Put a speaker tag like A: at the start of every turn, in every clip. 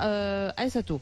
A: Euh, Aïssatou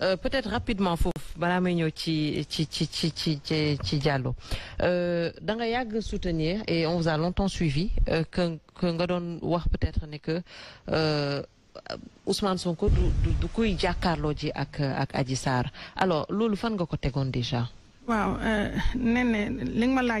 A: euh, peut-être rapidement foofu balaa may ñëw ci ci ci ci ci ci ci Diallo euh, da nga soutenir et on vous a longtemps suivi que que nga doon wax peut-être ne que Ousmane Sonko du du kuy jàkkaarloo ji ak ak Adji Sarr alors loulou fan nga ko déjà. waaw nee li nga ma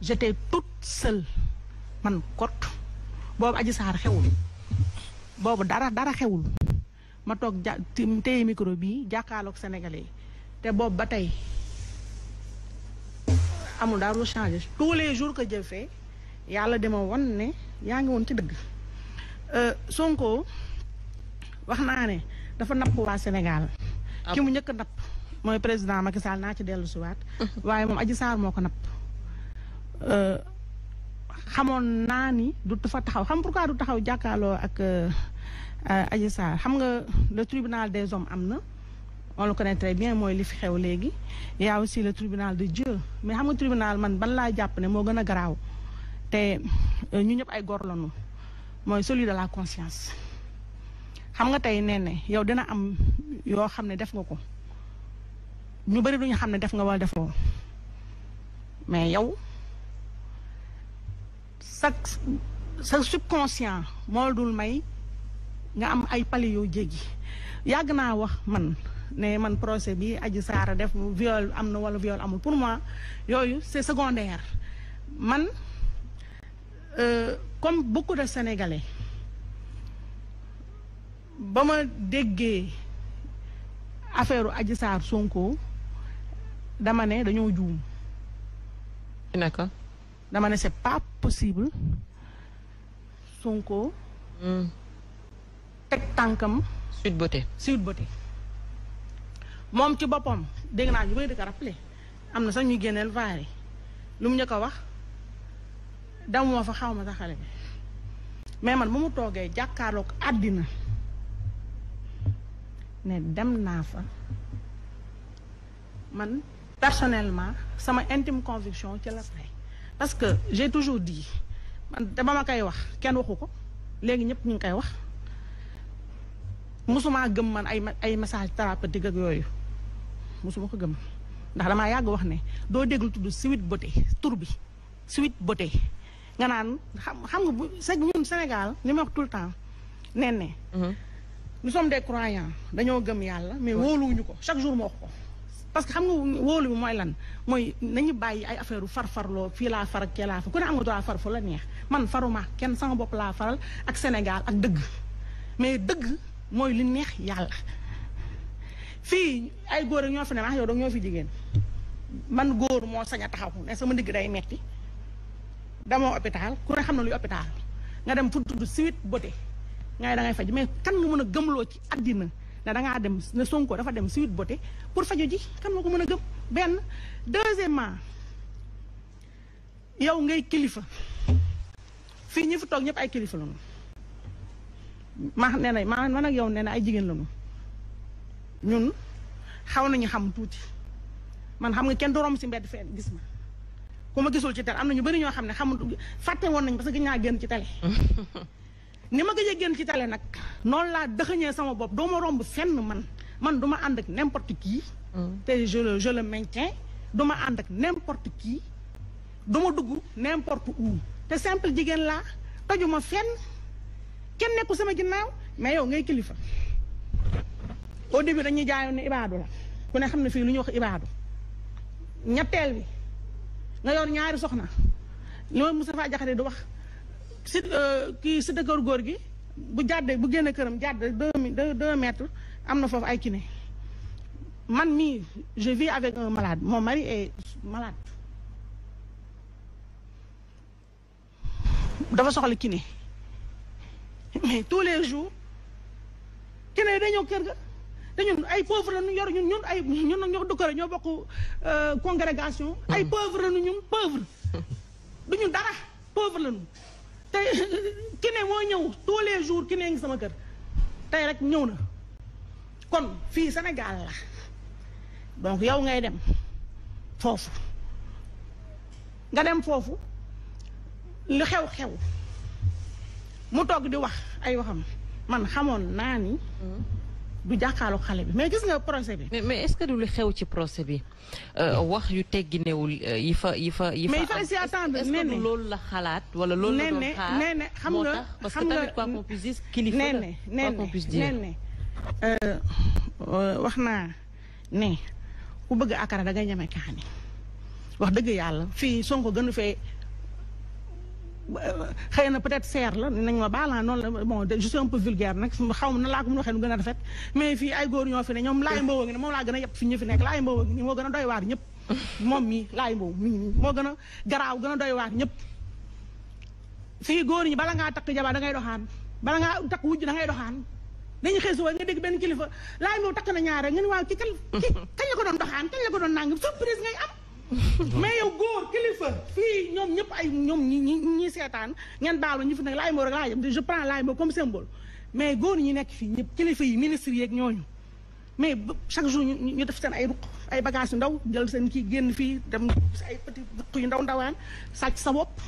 A: j'étais toute seule man kott boobu aji saar xewul boobu dara dara xewul ma toog ja téye micro bii jàkkaarloog sénégalais te boobu ba tey amul dara lu changé tous les jours que je yàlla dama won ne yaa ngi woon ci dëgg euh, Sonko wax naa ne dafa napp waa Sénégal ah ki mu njëkk napp mooy président Macky Sall naa ci dellu si waaye moom aji saar moo ko napp Euh, xamoon naa ni du fa taxaw xam pourquoi du taxaw jàkkaarloo ak euh, euh, Adji Sarr xam nga le tribunal des hommes am na on le bien mooy li fi xew léegi y a aussi le tribunal de Dieu mais xam nga tribunal man ban laa jàpp ne moo gën a garaaw te ñu ñëpp ay gor lanu mooy celui la conscience xam nga tey nee ne yow dina am yoo xam ne def nga ko ñu bëri duñu xam ne def nga wala defoo mais yow sa sa subconscient moo dul may nga am ay pali yoo jéggi yàgg naa wax man ne man procès bi aji saara def viol am na wala viol amul pour moi yooyu c'est secondaire man euh, comme beaucoup de sénégalais ba ma déggee affaire aji saar sonko dama ne dañoo juum. naka. dama ne c'est pas possible Sonko. Hmm. teg tànkam. Sweet Beauté Sweet Beauté. moom ci boppam dégg naa ñu bëri di ko rappelé am na sax ñuy génneel vaar yi lu mu ñu ko wax damuma fa xaw ma sax xale bi mais man bu mu toogee jàkkaarloog àddina ne dem naa fa man personnellement sama intime conviction ci la pare parce que j'ai toujours dit man dama ma koy wax kenn waxu ko léegi ñëpp ñu ngi koy wax mosuma gëm man ay ay message thérapeutique ak yooyu mosuma ko gëm ndax damaa yàgg wax ne doo déglu tudd Sweet Beauté tour bi Sweet Beauté nga naan xam xam nga bu ñun Sénégal li ma wax tout le temps nee ne mm-hmm. nous de des dañoo gëm yàlla mais wóoluwuñu ko chaque jour ma wax ko parce que xam nga wóolu moy lan moy nañu bayyi ay far far lo fi la far ak kee fa far ku ne am droit far fu la neex man faruma ken sama bop la faral ak senegal ak deug mais deug moy li neex yalla fi ay goor ak ñoo fi ne wax yow dong ñoo fi jigen man goor mo saña taxaw ne sama ndig day metti damoo hôpital ku ne xam na luy hôpital nga dem fu tuddu suite beauté ngay da ngay faj mais kan nga mën gëmlo ci adina ne da ngaa dem ne Sonko dafa dem Sweet Beauté pour faju ji kan moo ko mën a gëm benn deuxièmement yow ngay kilifa fii ñi fi toog ñëpp ay kilifa lañu ma nee na ma man ak yow nee na ay jigéen lañu ñun xaw nañu xam tuuti man xam nga kenn du romb si mbedd fen gis ma ku ma gisul ci télé am na ñu bari ñoo xam ne xamul fàtte woon nañ parce que gën génn ci télé ni ma gëj a génn ci télé nag noon laa dëxëñee sama bopp doo ma romb fenn man man duma ànd ak n'importe qui. Mm. te je le je le maintiens ànd ak n'importe qui du ma dugg n'importe où te simple jigéen laa tojuma fenn kenn nekku sama ginnaaw mais yow ngay kilifa au début dañuy jaayoon ne ibaadu la ku ne xam ne fii lu ñu wax ibaadu ñetteel bi nga yoon ñaari soxna li ma Moustapha Diakhaté du wax si tu euh, gorgi, bu deux mètres man je vis avec un malade mon mari est malade. dafa kiné mais tous les jours kiné kër ga dañu ay pauvres, ñu ñun ay ñoo euh, congrégation. ay hmm. pauvres ñu te kiné moo ñëw tous les jours ne ngi sama kër tey rek ñëw na kon fii Sénégal la donc yow ngay dem foofu nga dem foofu lu xew-xew mu togg di wax ay waxam man xamoon naa ni mm-hmm. du jàkkaarloog xale bi mais gis nga procès bi. mais mais est-ce que du lu xew ci procès bi euh, wax yu tegginewul euh, yi fa yi fa. yi fa mais il faut s'y attendre nee na loolu la xalaat. wala loolu la doon xaar xam nga parce que tamit quoi qu'on puisse dire kilifa la quoi qu'on puisse dire nee euh, wax naa ne ku bëgg akara da ngay ñeme kaani wax dëgg yàlla fii Sonko gënu fee. xëy na peut-être seer la nañ ma baal ah, noonu la bon je suis un peu vulgaire nag xaw ma na laa ko mën a waxee nu gën a rafet mais fii ay góor ñoo fi ne ñoom laay mboowa ngi ne moom laa gën a yëpp fi ñu fi nekk laay mboowa ngi nii moo gën a doy waar ñëpp moom mii laay a garaaw gën a doy waar ñëpp fii góor bala ngaa takk jabar da doxaan bala ngaa takk wujj da doxaan dañu xëy suba nga dégg benn kilifa laay mboow takk na ñaare nga ne waaw ci kan kañ la ko doon doxaan kañ la ko doon nangam surprise ngay am mais yow góor kilifa fii ñoom ñëpp ay ñoom ñi ñi seetaan ngeen baal ma ñu fi nekk laay moo rek laay je prends laay moo comme symbole mais góor ñi nekk fii ñëpp kilifa yi ministres yeeg ñooñu mais chaque jour ñu def seen ay ruq ay bagages yu ndaw jël seen kii génn fii dem si ay petit ruq yu ndaw ndawaan sàcc sa bopp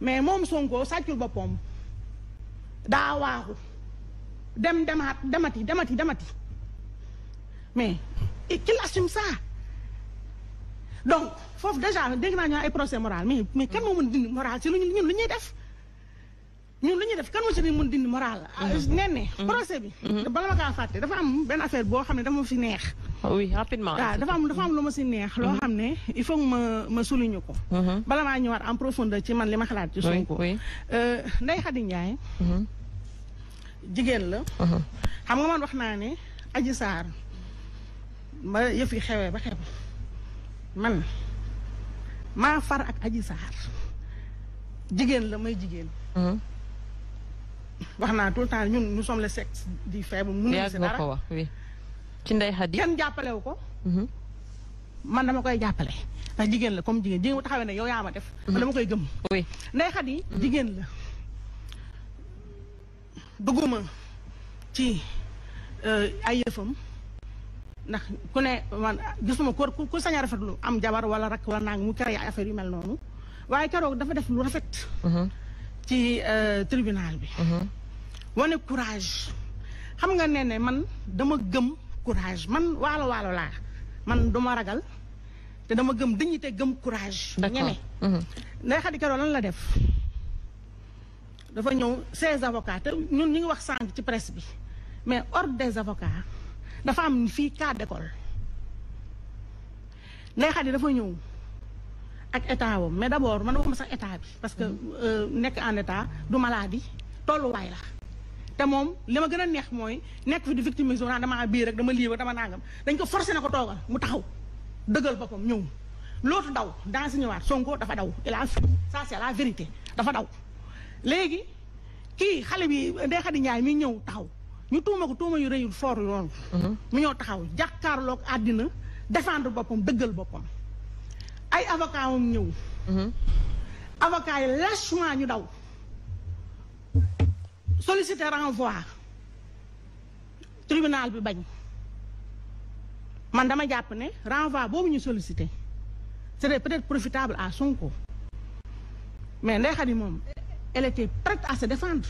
A: mais moom Sonko sàccul boppam daa waaxu dem demaat demati demati demati mais qu'il assume ça donc foofu déjà dégg naa ñu ay procès moral mais mais kan moo mën dindi moral si lu ñun lu ñuy def ñun lu ñuy def kan moo si mën dindi moral. Ah, mhm. nee mhm. procès bi. Mhm. bala ma kaa fàtte dafa am benn affaire boo xam ne dama fi neex.
B: oui rapidement. waaw ah, dafa
A: am dafa am lu ma si neex. loo xam ne il faut ma ma souligner ko. bala maa ñëwaat en profondeur ci man li ma xalaat. ci Sonko euh, Ndeye Khady Ndiaye. jigéen la. xam nga man wax naa ne Adji Sarr ba xewee ba xew. man maa far ak aji saar jigéen la may jigéen. Mm-hmm. wax naa tout le temps ñun nous sommes le sexe du faible. mënuñu si dara ko wax ci ndey xadi kenn jàppale ko. Mm-hmm. man dama koy jàppale. ndax jigéen la comme jigéen jigéen bu taxawee ne yow yaa ma def. man mm-hmm. dama koy gëm. oui ndey xadi jigéen la. dugguma ci euh, ay yëfam. ndax ku ne man gisuma ko ku sañ rafet lu am jabar wala rakk wala nang mu créé ay affaire yu mel noonu waaye keroog dafa def lu rafet. Mhm. ci euh, tribunal bi. Mhm. wane courage. xam nga ne ne man dama gëm courage man waalo waalo laa man duma ragal te dama gëm dignité gëm courage. ñeme mhm. nday xadi keroog lan la def. dafa ñëw seize avocats te ñun ñu ngi wax sànq ci presse bi mais ordre des avocats. dafa am fii cas d'école Ndeye Khady dafa ñëw ak état wam mais d'abord man waxuma sax état bi parce que euh, nekk en état du maladie tolluwaay la te moom li ma gën a neex mooy nekk fi di victimise naan dama biir rek dama lii rek dama naagam dañ ko forcé na ko toogal mu taxaw dëggal boppam ñëw loolu daw dans si ñëwaat Sonko dafa daw il a ça c'est la vérité dafa daw léegi kii xale bi Ndeye Khady Ndiaye mi ñëw taxaw ñu tuuma ko tuuma yu rëyul foor yoon mhm. mu ñoo taxaw jàkkaarloog àddina défendre boppam dëggal boppam ay avocat moom ñëw mhm. avocat yi lâchement ñu daw sollicité renvoi tribunal bi bañ man dama jàpp ne renvoi boobu ñu sollicité c'était peut-être profitable à Sonko mais Ndeye Khady moom elle était prête à se défendre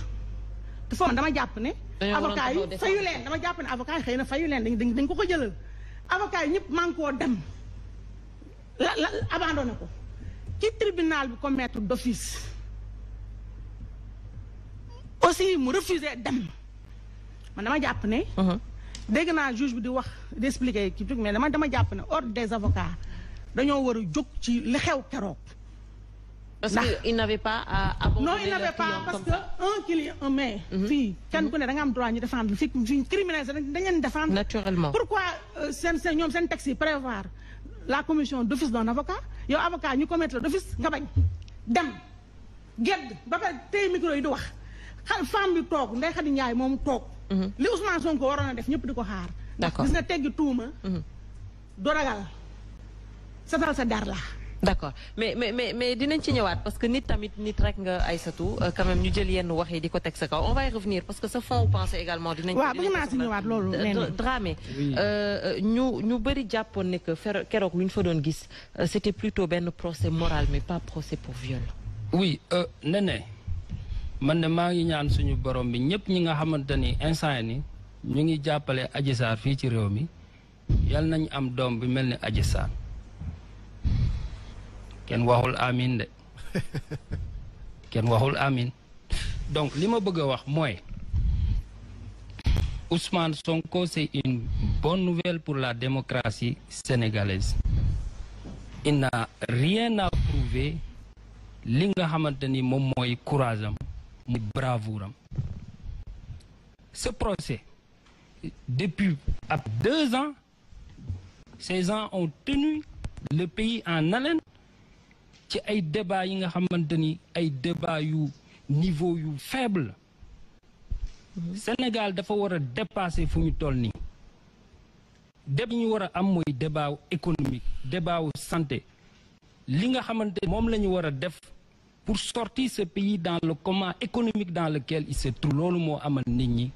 A: te foofu man dama jàpp ne avocat yi fayu leen dama jàpp ne avocat yi xëy na fayu leen dañ dañ ko ko jëlal avocat yi ñëpp man koo dem la ko ci tribunal bi ko mettre d'office aussi mu refusé dem man dama jàpp ne uh-huh. dégg naa juge bi di wax di expliquer kii mais dama dama jàpp ne ordre des avocats dañoo war a jóg ci li xew keroog parce qu'il n'avait pas à Non, il n'avait pas, parce que un client, quand mhm. mhm. droit de défendre, criminel, défendre. Naturellement. Pourquoi c'est un taxi prévoir la commission d'office d'un avocat Il y a un avocat, nous commettre l'office, un micro, il Quand femme talk, talk. Les Ousmane sont D'accord. Mhm. là d'accord mais mais mais mais dinañ ci ñëwaat parce que nit tamit nit rek nga Aïssatou euh, quand même ñu jël yenn wax yi di ko sa kaw on va y revenir parce que sa fond pensée également dinañ waaw bëgg naa si ñëwaat loolu
B: Dramé euh, euh, ñu ñu bari japon ne que fer ñu fa doon gis c'était plutôt ben procès moral mais pas procès pour viol oui Néné man ne maa ngi ñaan suñu borom bi ñëpp ñi nga xamante instant ni ñu ngi jappalé Adji Sarr fi ci réew mi yal nañ am doom bi melni Adji Sarr ken waxul amin de ken amin donc li ma bëgg wax moy Ousmane Sonko c'est une bonne nouvelle pour la démocratie sénégalaise il n'a rien à prouver li nga xamanteni mom moy courage bravoure ce procès depuis deux ans ces gens ont tenu le pays en haleine ci ay débat yi nga xamante ni ay débat yu niveau yu faible Sénégal dafa war a dépasser fu ñu toll nii débat ñu war a am mooy débat économique débat santé li nga xamante moom la ñu war a def pour sortir ce pays dans le comment économique dans lequel il se trouve loolu moo amal nit ñi